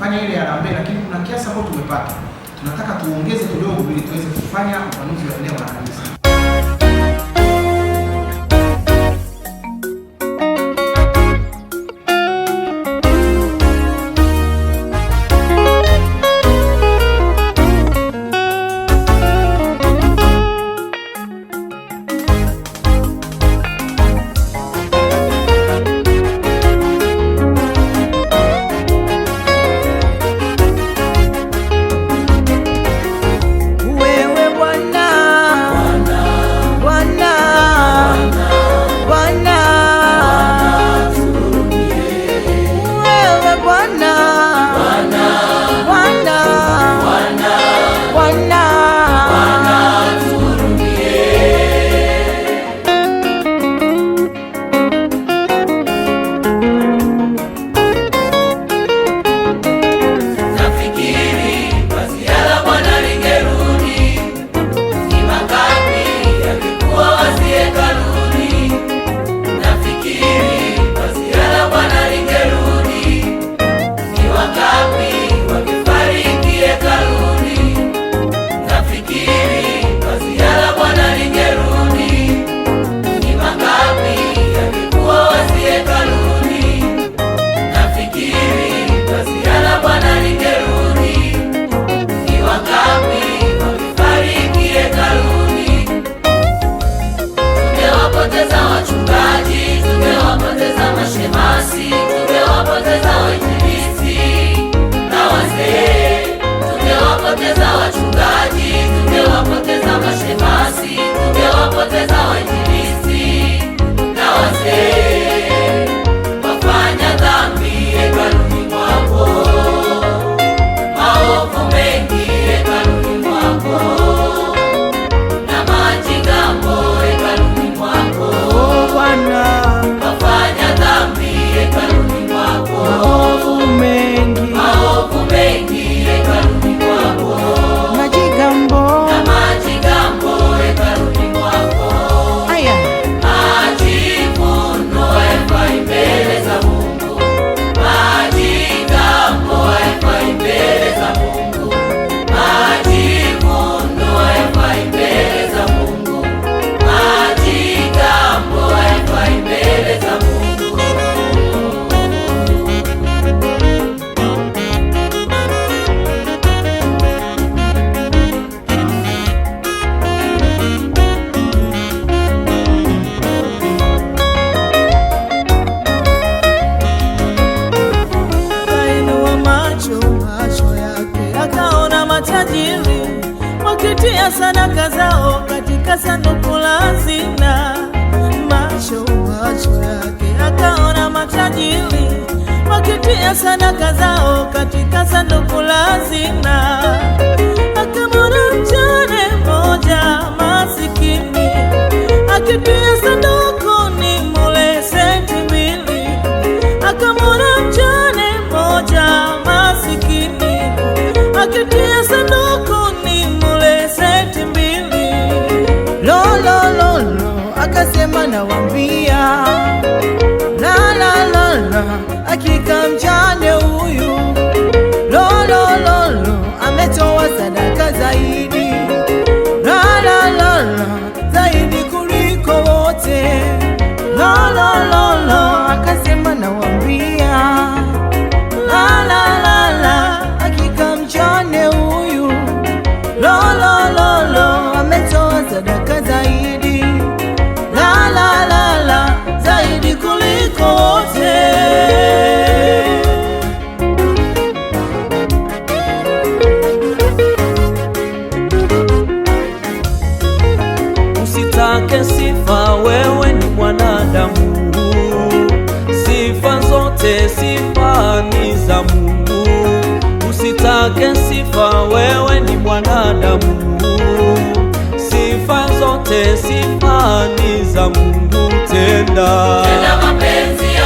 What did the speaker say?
tunafanya ile ya rambe lakini kuna kiasi ambacho tumepata, tunataka tuongeze kidogo ili tuweze kufanya upanuzi wa eneo la kanisa. sadaka zao katika sanduku la hazina. Macho macho yake akaona matajiri wakitia sadaka zao katika sanduku la hazina. zake sifa, wewe ni mwanadamu. Sifa zote sifa ni za Mungu, usitake sifa, wewe ni mwanadamu. Sifa zote sifa ni za Mungu, tenda tenda mapenzi